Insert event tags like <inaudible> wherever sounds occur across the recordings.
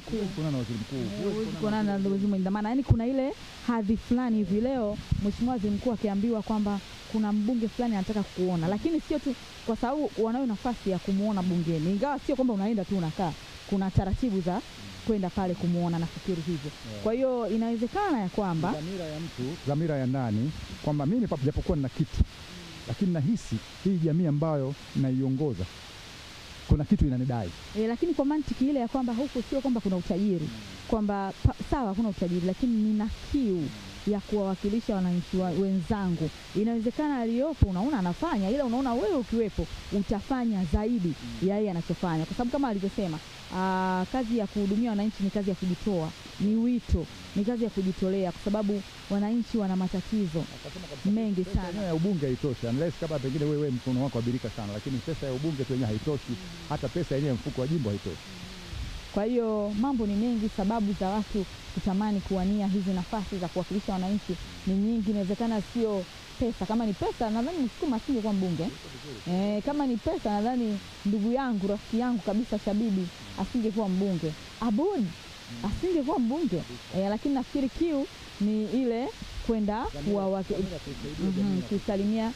mkuu, kuonana na waziri mkuu, huwezi kuonana na maana yani kuna ile hadhi fulani hivi. Leo mheshimiwa waziri mkuu akiambiwa kwamba kuna mbunge fulani anataka kuona, lakini sio tu kwa sababu wanayo nafasi ya kumuona bungeni, ingawa sio kwamba unaenda tu unakaa, kuna taratibu za kwenda pale kumuona, nafikiri hivyo yeah. Kwa hiyo inawezekana ya kwamba dhamira ya mtu, dhamira ya ndani kwamba mimi japokuwa nina kiti, lakini nahisi hii jamii ambayo naiongoza kuna kitu inanidai e, lakini kwa mantiki ile ya kwamba huku sio kwamba kuna utajiri kwamba sawa, kuna utajiri lakini nina kiu ya kuwawakilisha wananchi wenzangu. Inawezekana aliyopo unaona anafanya, ila unaona wewe ukiwepo utafanya zaidi ya yeye anachofanya, kwa sababu kama alivyosema aa, ah, kazi ya kuhudumia wananchi ni kazi ya kujitoa, ni wito, ni kazi ya kujitolea, kwa sababu wananchi wana matatizo mengi sana. Pesa ya ubunge haitoshi unless kama pengine wewe mkono wako abirika sana, lakini pesa ya ubunge tu yenyewe haitoshi, hata pesa yenyewe mfuko wa jimbo haitoshi. Kwa hiyo mambo ni mengi, sababu za watu kutamani kuwania hizi nafasi za kuwakilisha wananchi ni nyingi. Inawezekana sio pesa. Kama ni pesa, nadhani Msukuma asingekuwa mbunge e. Kama ni pesa, nadhani ndugu yangu rafiki yangu kabisa Shabibi asingekuwa mbunge, Abud asingekuwa mbunge e, lakini nafikiri kiu ni ile kwenda mhm, kuisalimia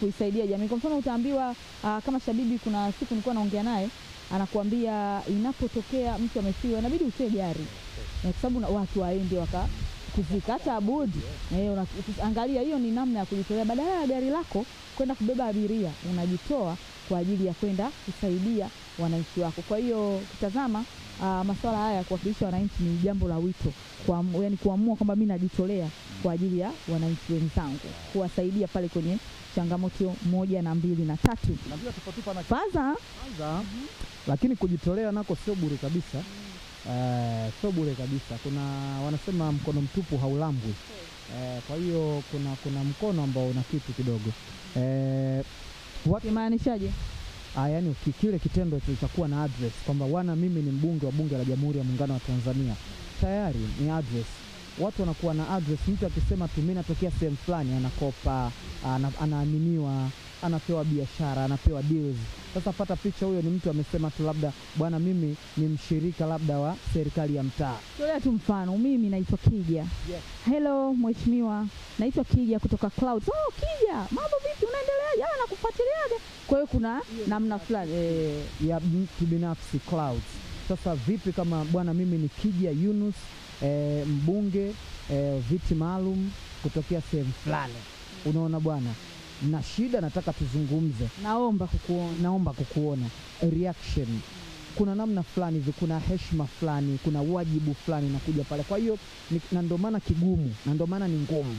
kuisaidia jamii. Kwa mfano utaambiwa, uh, kama Shabibi kuna siku nilikuwa naongea naye anakuambia inapotokea mtu amefiwa inabidi utie gari kwa sababu watu waende waka kufika hata abudi eh, angalia hiyo ni namna ya kujitolea. Badala ya gari lako kwenda kubeba abiria, unajitoa kwa ajili ya kwenda kusaidia wananchi wako. Kwa hiyo kitazama uh, ah, masuala haya ya kuwakilisha wananchi ni jambo la wito kwa, yani kuamua kwamba mimi najitolea kwa ajili ya wananchi wenzangu kuwasaidia pale kwenye changamoto moja na mbili na tatu. Kwanza lakini kujitolea nako sio bure kabisa mm. Uh, sio bure kabisa. Kuna wanasema mkono mtupu haulambwi okay. Eh, kwa hiyo kuna kuna mkono ambao una kitu kidogo e, eh, imaanishaje? Ah, yani kile kitendo kilichokuwa na address kwamba wana mimi ni mbunge wa bunge la Jamhuri ya Muungano wa Tanzania tayari ni address watu wanakuwa na address. Mtu akisema tu mimi natokea sehemu fulani, anakopa, anaaminiwa, anapewa biashara, anapewa deals. Sasa pata picha, huyo ni mtu amesema tu labda, bwana, mimi ni mshirika labda wa serikali ya mtaa. Tolea tu mfano, mimi naitwa Kija. Yes. Hello mheshimiwa, naitwa Kija kutoka Clouds. Oh, Kija, mambo vipi, unaendeleaje? Jana ah, nakufuatiliaga. Kwa hiyo kuna yes, namna fulani eh, ya mtu binafsi Clouds sasa vipi kama bwana, mimi ni kija Yunus e, mbunge e, viti maalum kutokea sehemu fulani, unaona bwana, na shida nataka tuzungumze, naomba kukuona, naomba kukuona reaction kuna namna fulani hivi, kuna heshima fulani, kuna wajibu fulani nakuja pale. Kwa hiyo na ndio maana kigumu, na ndio maana ni ngumu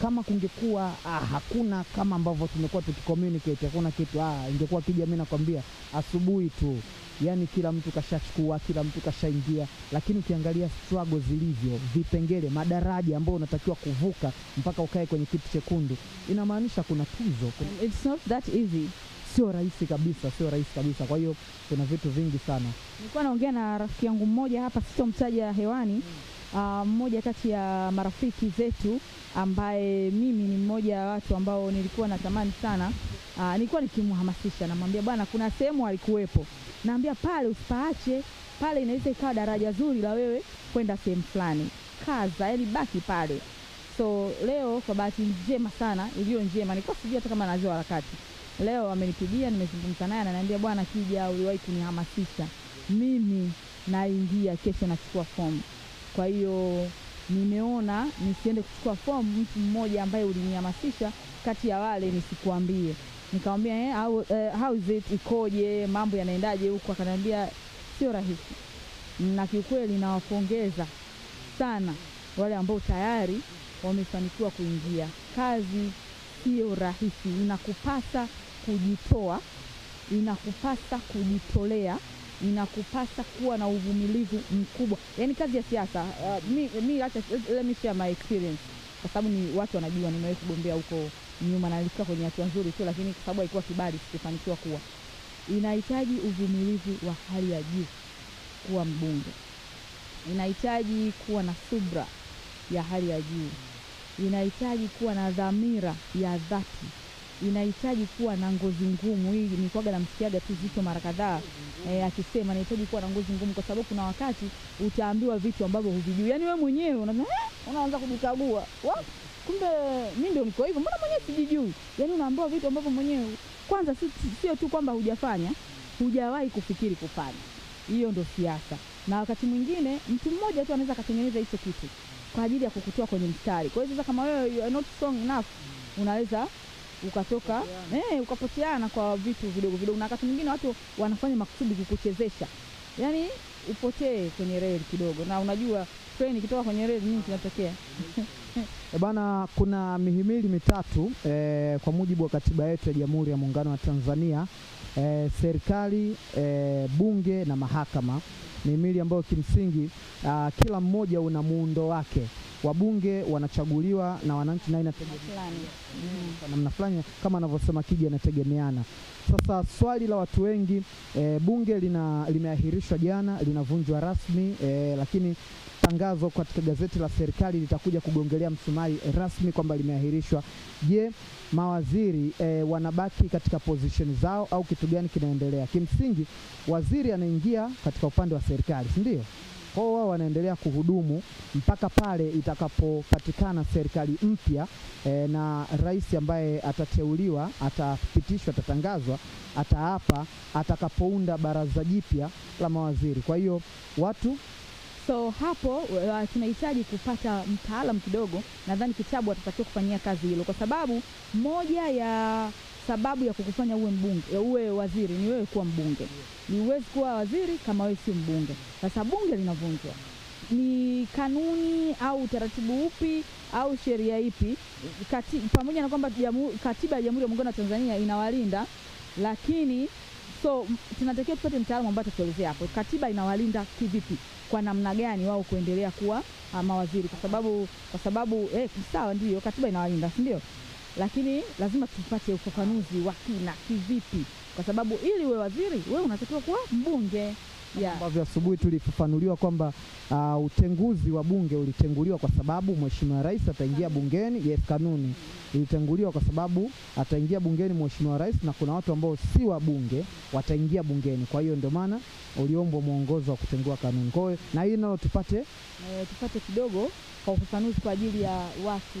kama kungekuwa ah, hakuna kama ambavyo tumekuwa tukicommunicate hakuna kitu ah, ingekuwa kija, mimi nakwambia asubuhi tu, yani kila mtu kashachukua, kila mtu kashaingia. Lakini ukiangalia struggle zilivyo, vipengele, madaraja ambayo unatakiwa kuvuka mpaka ukae kwenye kitu chekundu, inamaanisha kuna tuzo. It's not that easy. Sio rahisi kabisa, sio rahisi kabisa. Kwa hiyo kuna vitu vingi sana. Nilikuwa naongea na rafiki yangu mmoja hapa, sitomtaja hewani mm. Ah, mmoja kati ya marafiki zetu ambaye mimi ni mmoja wa watu ambao nilikuwa natamani sana uh, nilikuwa nikimhamasisha, namwambia bwana, kuna sehemu alikuwepo, naambia pale usipaache pale, inaweza ikawa daraja zuri la wewe kwenda sehemu fulani, kaza, yani baki pale. So leo kwa bahati njema sana iliyo njema, nilikuwa sijui hata kama najua harakati, leo amenipigia, nimezungumza naye, ananiambia bwana, Kija, uliwahi kunihamasisha mimi, naingia kesho, nachukua fomu kwa hiyo nimeona nisiende kuchukua fomu, mtu mmoja ambaye ulinihamasisha kati ya wale nisikuambie. Nikamwambia eh, how, uh, how is it, ikoje, mambo yanaendaje huko? Akaniambia sio rahisi, na kiukweli nawapongeza sana wale ambao tayari wamefanikiwa kuingia. Kazi sio rahisi, inakupasa kujitoa, inakupasa kujitolea inakupasa kuwa na uvumilivu mkubwa. Yaani kazi ya siasa uh, mi, mi acha let me share my experience, kwa sababu ni watu wanajua nimewahi kugombea huko nyuma na nilifika kwenye hatua nzuri tu, lakini kwa sababu haikuwa kibali sikufanikiwa kuwa. Inahitaji uvumilivu wa hali ya juu kuwa mbunge, inahitaji kuwa na subra ya hali ya juu, inahitaji kuwa na dhamira ya dhati inahitaji kuwa na ngozi ngumu. Hii ni nilikuwaga namsikiaga tu Zito mara kadhaa e, akisema inahitaji kuwa na ngozi ngumu, kwa sababu kuna wakati utaambiwa vitu ambavyo huvijui, yaani wewe mwenyewe unaanza eh, unaanza kujikagua kumbe mimi ndio niko hivyo, mbona mwenyewe sijijui? Yaani unaambiwa vitu ambavyo mwenyewe kwanza sio tu kwamba hujafanya, hujawahi kufikiri kufanya. Hiyo ndio siasa, na wakati mwingine mtu mmoja tu anaweza akatengeneza hicho kitu kwa ajili ya kukutoa kwenye mstari. Kwa hiyo sasa, kama wewe you are not strong enough, unaweza ukatoka eh, ukapoteana kwa vitu vidogo vidogo, na wakati mwingine watu wanafanya makusudi kukuchezesha, yani upotee kwenye reli kidogo, na unajua treni ikitoka kwenye reli nini kinatokea? <laughs> E bana, kuna mihimili mitatu e, kwa mujibu wa katiba yetu ya Jamhuri ya Muungano wa Tanzania e, serikali e, bunge na mahakama. Mihimili ambayo kimsingi a, ah, kila mmoja una muundo wake wabunge wanachaguliwa na wananchi na inategemeana namna fulani, kama anavyosema Kija, inategemeana. Sasa swali la watu wengi e, bunge lina limeahirishwa jana, linavunjwa rasmi e, lakini tangazo katika gazeti la serikali litakuja kugongelea msumari rasmi kwamba limeahirishwa. Je, mawaziri e, wanabaki katika position zao au kitu gani kinaendelea? Kimsingi waziri anaingia katika upande wa serikali, si ndio? wao wanaendelea kuhudumu mpaka pale itakapopatikana serikali mpya e, na rais ambaye atateuliwa, atapitishwa, atatangazwa, ataapa atakapounda baraza jipya la mawaziri. Kwa hiyo watu So hapo uh, tunahitaji kupata mtaalamu kidogo. Nadhani Kitabu atatakiwa kufanyia kazi hilo, kwa sababu moja ya sababu ya kukufanya uwe mbunge, uwe waziri ni wewe kuwa mbunge. Ni uwezi kuwa waziri kama wewe sio mbunge. Sasa bunge linavunjwa, ni kanuni au utaratibu upi au sheria ipi kati, pamoja na kwamba katiba ya Jamhuri ya Muungano wa Tanzania inawalinda lakini so tunatakiwa tupate mtaalamu ambaye atatuelezea hapo katiba inawalinda kivipi, kwa namna gani wao kuendelea kuwa ah, mawaziri, kwa sababu kwa sababu eh, sawa, ndio katiba inawalinda, si ndio? lakini lazima tupate ufafanuzi wa kina kivipi, kwa sababu ili we waziri wewe unatakiwa kuwa mbunge ambavyo yeah. Asubuhi tulifafanuliwa kwamba uh, utenguzi wa bunge ulitenguliwa kwa sababu Mheshimiwa Rais ataingia bungeni. Yes, kanuni ilitenguliwa kwa sababu ataingia bungeni Mheshimiwa Rais, na kuna watu ambao si wa bunge wataingia bungeni. Kwa hiyo ndio maana uliombwa mwongozo wa kutengua kanuni. Kwa hiyo na hili nalo tupate e, tupate kidogo kwa ufafanuzi kwa ajili ya watu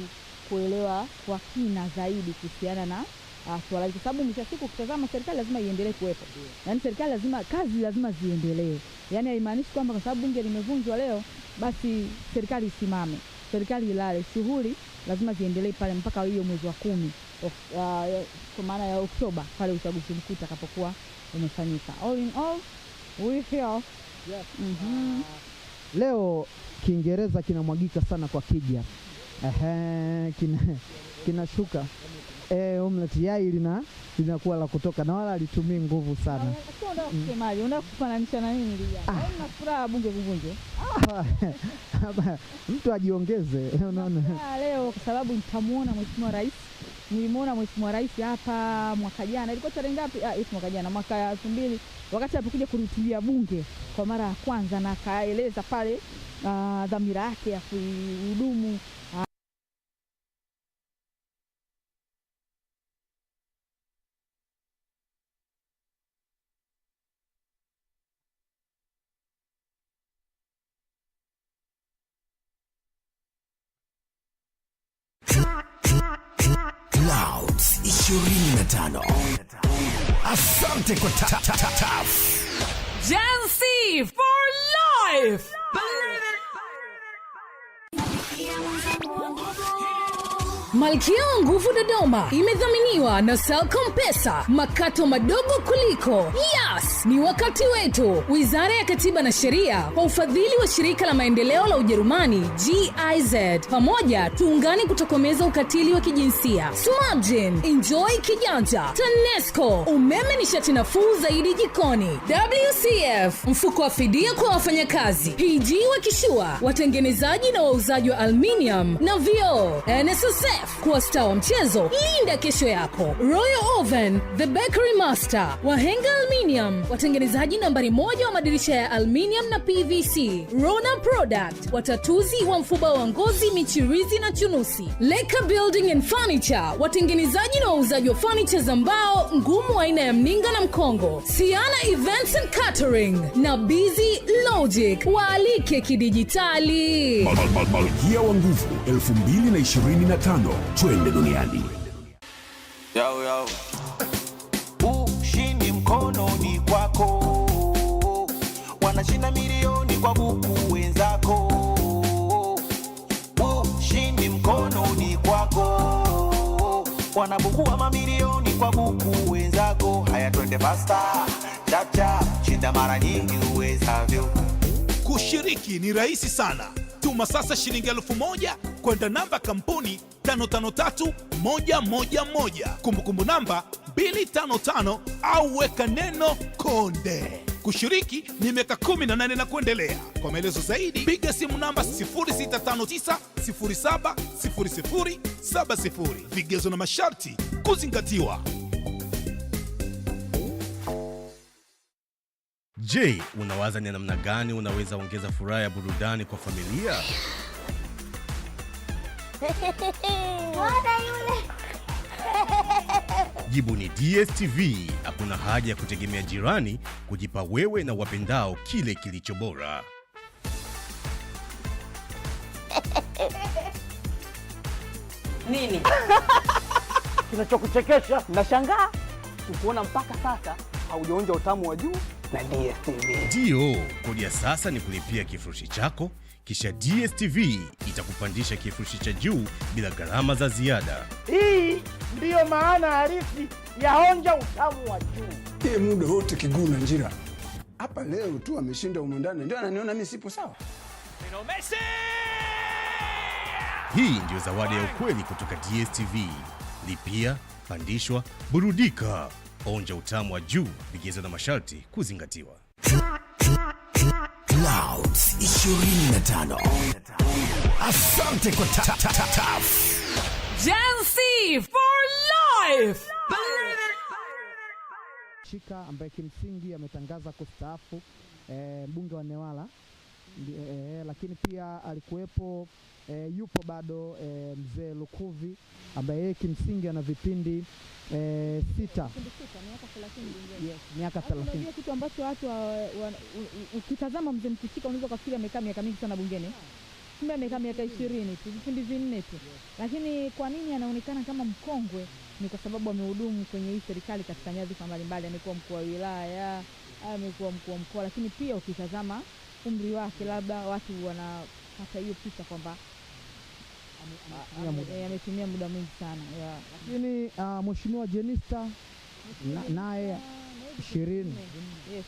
kuelewa kwa kina zaidi kuhusiana na uh, swala kwa sababu mwisho siku ukitazama serikali lazima iendelee kuwepo, Yani serikali lazima kazi lazima ziendelee, yani haimaanishi kwamba kwa sababu bunge limevunjwa leo basi serikali isimame. Serikali ilale, shughuli lazima ziendelee pale mpaka hiyo mwezi wa kumi ah, kwa uh, maana ya Oktoba pale uchaguzi mkuu utakapokuwa umefanyika. All in all, we feel yes. mm -hmm. Uh, leo Kiingereza kinamwagika sana kwa kija ehe, kina kinashuka e, eh, omleti yai lina linakuwa la kutoka na wala alitumii nguvu sana. Ah. <laughs> Mtu ajiongeze, unaona. Leo kwa sababu nitamuona Mheshimiwa Rais nilimwona mheshimiwa rais hapa mwaka jana, ilikuwa tarehe ngapi? Ah, mwaka jana, mwaka elfu mbili, wakati alipokuja kulihutubia bunge kwa mara ya kwanza, na akaeleza pale uh, dhamira yake ya kuhudumu uh, Asante kwa TAF. Jancy for life. Malkia Nguvu Dodoma imedhaminiwa na Selcom Pesa, makato madogo kuliko. Yes, ni wakati wetu. Wizara ya Katiba na Sheria kwa ufadhili wa shirika la maendeleo la Ujerumani GIZ. Pamoja tuungane kutokomeza ukatili wa kijinsia. Sumamjin, enjoy kijanja. TANESCO, umeme nishati nafuu zaidi jikoni. WCF, mfuko wa fidia kwa wafanyakazi. PG Wakishua, watengenezaji na wauzaji wa aluminium na vioo. NSSF kuwa staa wa mchezo, linda kesho yako. Royal Oven, The Bakery Master, Wahenga Aluminium, watengenezaji nambari moja wa madirisha ya aluminium na PVC. Rona Product, watatuzi wa mfuba wa ngozi, michirizi na chunusi. Leka Building and Furniture, watengenezaji na wauzaji wa furniture za mbao ngumu aina ya mninga na mkongo. Siana Events and Catering na Busy Logic, waalike kidijitali. Malkia wa nguvu 225 Twende duniani. Yao yao, ushindi mkononi kwako, wanashinda milioni kwa kuku wenzako. Ushindi mkononi kwako, wanabukua mamilioni kwa kuku wenzako. Haya, twende pasta chacha, shinda mara nyingi uwezavyo. Kushiriki ni rahisi sana, tuma sasa shilingi elfu moja kwenda namba kampuni 553111 kumbukumbu namba 255 au weka neno konde. Kushiriki ni miaka 18 na kuendelea. Kwa maelezo zaidi piga simu namba 0659070070. Vigezo na masharti kuzingatiwa. Je, unawaza ni namna gani unaweza ongeza furaha ya burudani kwa familia? <laughs> Jibu ni DStv. Hakuna haja ya kutegemea jirani, kujipa wewe na wapendao kile kilicho bora. <laughs> Nini <laughs> kinachokuchekesha? Nashangaa ukuona mpaka sasa haujaonja utamu wa juu na DStv. Ndiyo, kodi sasa ni kulipia kifurushi chako kisha DSTV itakupandisha kifurushi cha juu bila gharama za ziada. Hii ndiyo maana halisi ya honja utamu wa juu. Ye muda wote kiguu na njira hapa, leo tu ameshinda humo ndani, ndio ananiona mimi sipo sawa. Messi! Hii ndiyo zawadi ya ukweli kutoka DSTV. Lipia, pandishwa, burudika. Onja utamu wa juu, vigezo na masharti kuzingatiwa. Tops 25. Asante kwa ta -ta -ta Tops. Gen Z for life. Chika ambaye kimsingi ametangaza kustaafu eh, mbunge eh, wa Newala eh, lakini pia alikuwepo e, yupo bado e, mzee Lukuvi ambaye yeye kimsingi ana vipindi e, sita miaka 30. kitu ambacho watu ukitazama mzee Mkuchika unaweza kufikiri amekaa miaka mingi sana bungeni kumbe amekaa miaka ishirini tu vipindi vinne tu, lakini kwa nini anaonekana kama mkongwe? Ni kwa sababu amehudumu kwenye hii serikali katika nyadhifa mbalimbali, amekuwa mkuu wa wilaya, amekuwa mkuu wa mkoa, lakini pia ukitazama umri wake, labda watu wanapata hiyo picha kwamba eh, ametumia muda mwingi sana, lakini ah, mheshimiwa Jenista naye ishirini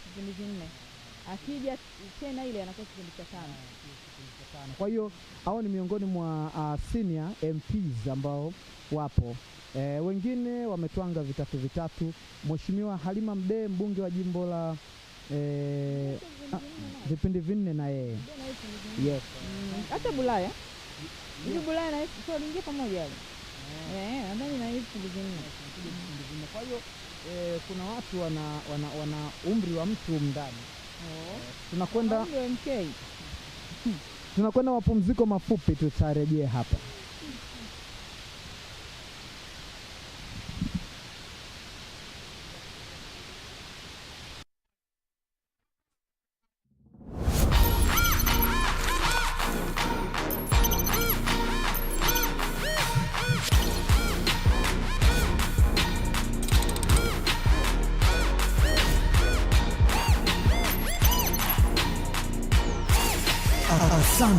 kipindi kinne akija tena ile anakuwa ah, kipindi cha tano. Kwa hiyo hao ni miongoni mwa uh, senior MPs ambao wapo e, wengine wametwanga vitatu vitatu. Mheshimiwa Halima Mdee, mbunge wa jimbo la eh, ah, mm. vipindi vinne na yeye yes. Mm, hata Bulaya hivi Bulaya na so aliingia pamoja hapo eh, nadhani na hivi vipindi vinne. Kwa hiyo eh, kuna watu wana, wana, wana umri wa mtu ndani oh. Eh, tunakwenda <laughs> tunakwenda mapumziko mafupi, tutarejea hapa.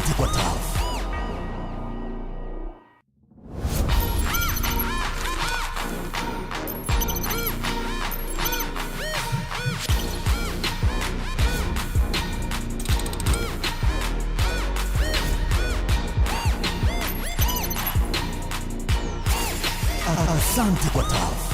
di Quatav. Asanti Quatav.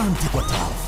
Asante kwa taarifa.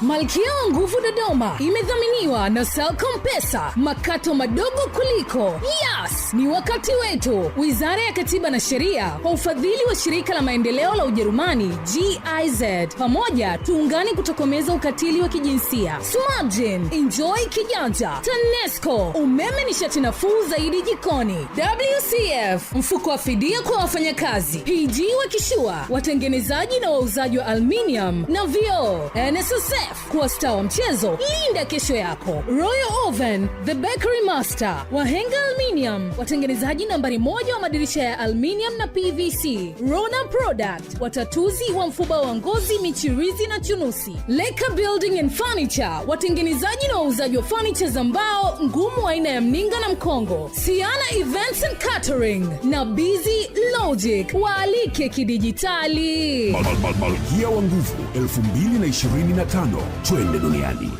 Malkia wa Nguvu Dodoma imedhamini kununua na Selcom Pesa makato madogo kuliko. Yes, ni wakati wetu. Wizara ya Katiba na Sheria kwa ufadhili wa shirika la maendeleo la Ujerumani GIZ. Pamoja tuungane kutokomeza ukatili wa kijinsia. Smartgen, enjoy kijanja. TANESCO, umeme ni shati nafuu zaidi jikoni. WCF, mfuko wa fidia kwa wafanyakazi. PG wa Kishua, watengenezaji na wauzaji wa aluminium na vio NSSF, kuwa stawa mchezo, linda kesho yako hapo royal oven the bakery master wahenga aluminium watengenezaji nambari moja wa madirisha ya aluminium na pvc rona product watatuzi wa mfuba wa ngozi michirizi na chunusi leka building and furniture watengenezaji na wauzaji wa fanicha za mbao ngumu aina ya mninga na mkongo siana events and catering na busy logic waalike kidijitali malkia wa nguvu 225 twende duniani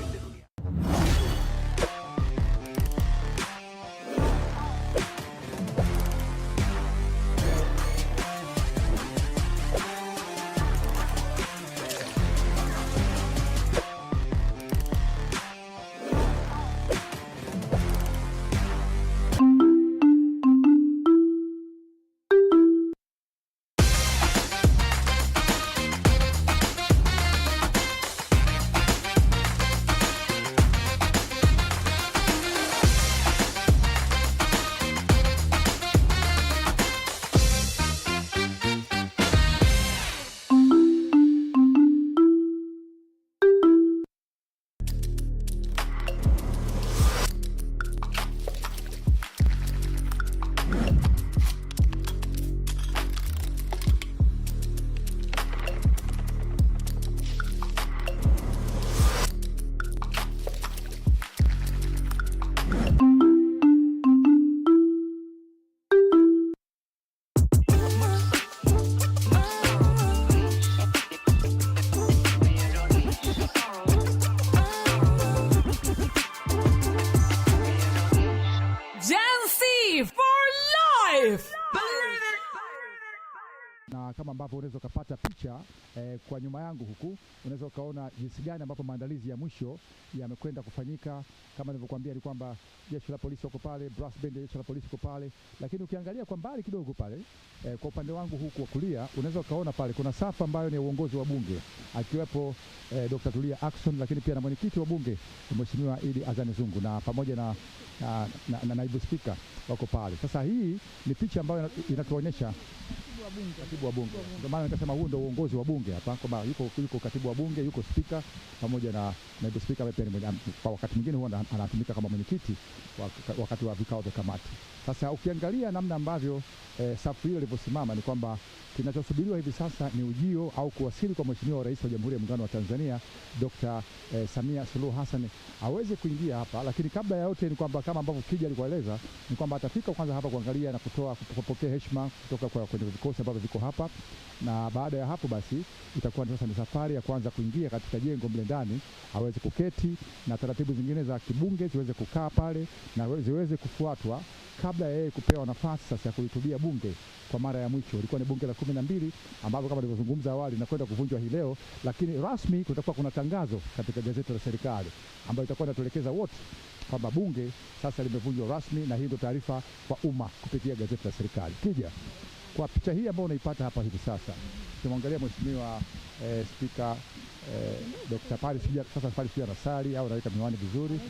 ambapo unaweza ukapata picha eh, kwa nyuma yangu huku unaweza ukaona jinsi gani ambapo maandalizi ya mwisho yamekwenda kufanyika. Kama nilivyokuambia ni kwamba jeshi la polisi wako pale, brass band ya jeshi la polisi iko pale, lakini ukiangalia kwa mbali kidogo pale eh, kwa upande wangu huku wa kulia unaweza ukaona pale kuna safu ambayo ni uongozi wa bunge akiwepo eh, Dr. Tulia Ackson, lakini pia na mwenyekiti wa bunge Mheshimiwa Idi Azani Zungu na pamoja na, na, na, na naibu spika wako pale. Sasa hii ni picha ambayo inatuonyesha katibu wa bunge. Ndio maana nikasema huu ndio uongozi wa bunge hapa, kwamba yuko, yuko katibu wa bunge, yuko spika pamoja na naibu spika, kwa wakati mwingine huwa anatumika kama mwenyekiti wakati wa vikao vya kamati. Sasa ukiangalia namna ambavyo eh, safu hiyo ilivyosimama ni kwamba kinachosubiriwa hivi sasa ni ujio au kuwasili kwa Mheshimiwa Rais wa Jamhuri ya Muungano wa Tanzania Dr. eh, Samia Suluhu Hassan aweze kuingia hapa, lakini kabla ya yote ni kwamba kama ambavyo Kija alikueleza ni kwamba atafika kwanza hapa kuangalia na kutoa kupokea heshima kutoka kwa kwenye vikosi ambavyo viko hapa, na baada ya hapo basi itakuwa sasa ni safari ya kwanza kuingia katika jengo mle ndani, aweze kuketi na taratibu zingine za kibunge ziweze kukaa pale na ziweze kufuatwa kabla ya yeye kupewa nafasi sasa ya kulihutubia bunge kwa mara ya mwisho. Ilikuwa ni bunge la kumi na mbili ambapo kama nilivyozungumza awali inakwenda kuvunjwa hii leo, lakini rasmi kutakuwa kuna tangazo katika gazeti la serikali ambayo itakuwa inatuelekeza wote kwamba bunge sasa limevunjwa rasmi, na hii ndio taarifa kwa umma kupitia gazeti la serikali. kija kwa picha hii ambayo unaipata hapa hivi sasa, tumwangalia Mheshimiwa eh, Spika eh, Dr. Paris sasa Paris anasali au anaweka miwani vizuri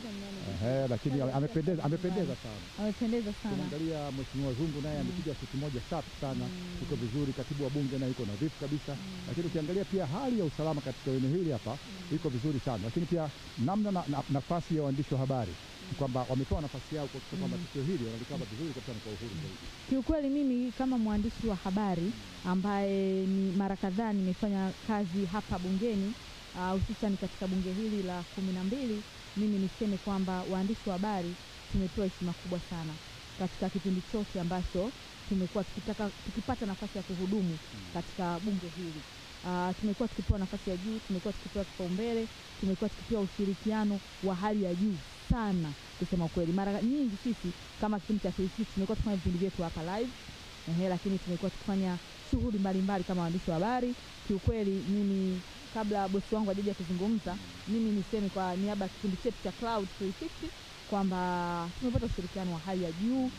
eh, lakini amependeza, amependeza sana, amependeza sana. Tumwangalia Mheshimiwa Zungu naye amepiga suti moja safi sana, mm. uko vizuri. Katibu wa Bunge naye yuko nadhifu kabisa, mm. lakini ukiangalia pia hali ya usalama katika eneo hili hapa mm. iko vizuri sana, lakini pia namna na, na, nafasi ya waandishi wa habari kwamba wametoa nafasi yao kwa kwamba mm. tukio hili wanalikaba vizuri kwa na kwa uhuru zaidi. Kiukweli mimi kama mwandishi wa habari ambaye ni mara kadhaa nimefanya kazi hapa bungeni hususan uh, katika bunge hili la kumi na mbili, mimi niseme kwamba waandishi wa habari tumepewa heshima kubwa sana katika kipindi chote ambacho tumekuwa tukitaka tukipata nafasi ya kuhudumu mm. katika bunge hili. Uh, tumekuwa tukipewa nafasi ya juu, tumekuwa tukipewa kipaumbele, tumekuwa tukipewa ushirikiano wa hali ya juu sana kusema kweli. Mara nyingi sisi kama kipindi cha KCC tumekuwa tukifanya vipindi vyetu hapa live ehe, lakini tumekuwa tukifanya shughuli mbalimbali kama waandishi wa habari. Kiukweli mimi kabla bosi wangu ajaja kuzungumza, mimi niseme kwa niaba ya kipindi chetu cha Cloud 360 kwamba tumepata ushirikiano wa hali ya juu.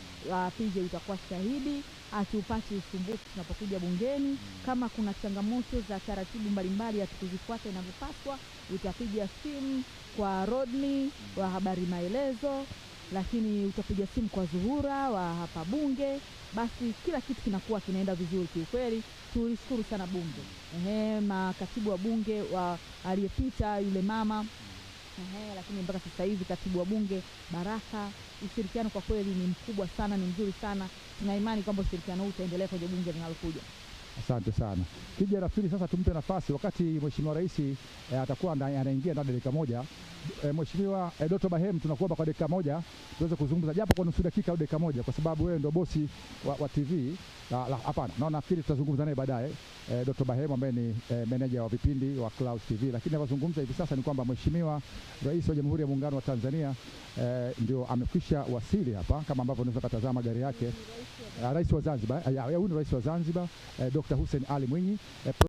PJ utakuwa shahidi, hatupati usumbufu tunapokuja bungeni. Kama kuna changamoto za taratibu mbalimbali hatukuzifuata inavyopaswa, utapiga simu kwa Rodney wa habari maelezo, lakini utapiga simu kwa Zuhura wa hapa Bunge. Basi kila kitu kinakuwa kinaenda vizuri. Kiukweli tulishukuru sana Bunge. Ehe, makatibu wa Bunge wa aliyepita yule mama Ehe, lakini mpaka sasa hivi katibu wa bunge Baraka, ushirikiano kwa kweli ni mkubwa sana, ni mzuri sana. Tuna imani kwamba ushirikiano huu utaendelea kwenye bunge linalokuja. Asante sana. Kija nafikiri sasa tumpe nafasi wakati Mheshimiwa Rais e, atakuwa anaingia ndani dakika moja. E, Mheshimiwa e, Doto Bahem, tunakuomba kwa dakika moja tuweze kuzungumza japo kwa nusu dakika au dakika moja, kwa sababu wewe ndio bosi wa, wa TV. Ah, hapana, na nafikiri tutazungumza naye baadaye e, eh, Doto Bahem ambaye ni e, meneja wa vipindi wa Clouds TV, lakini anavyozungumza hivi sasa ni kwamba Mheshimiwa Rais wa Jamhuri ya Muungano wa Tanzania e, ndio amekwisha wasili hapa, kama ambavyo unaweza kutazama gari yake. Ah, rais wa Zanzibar, huyu ni Rais wa Zanzibar e, Dr. Dr. Hussein Ali É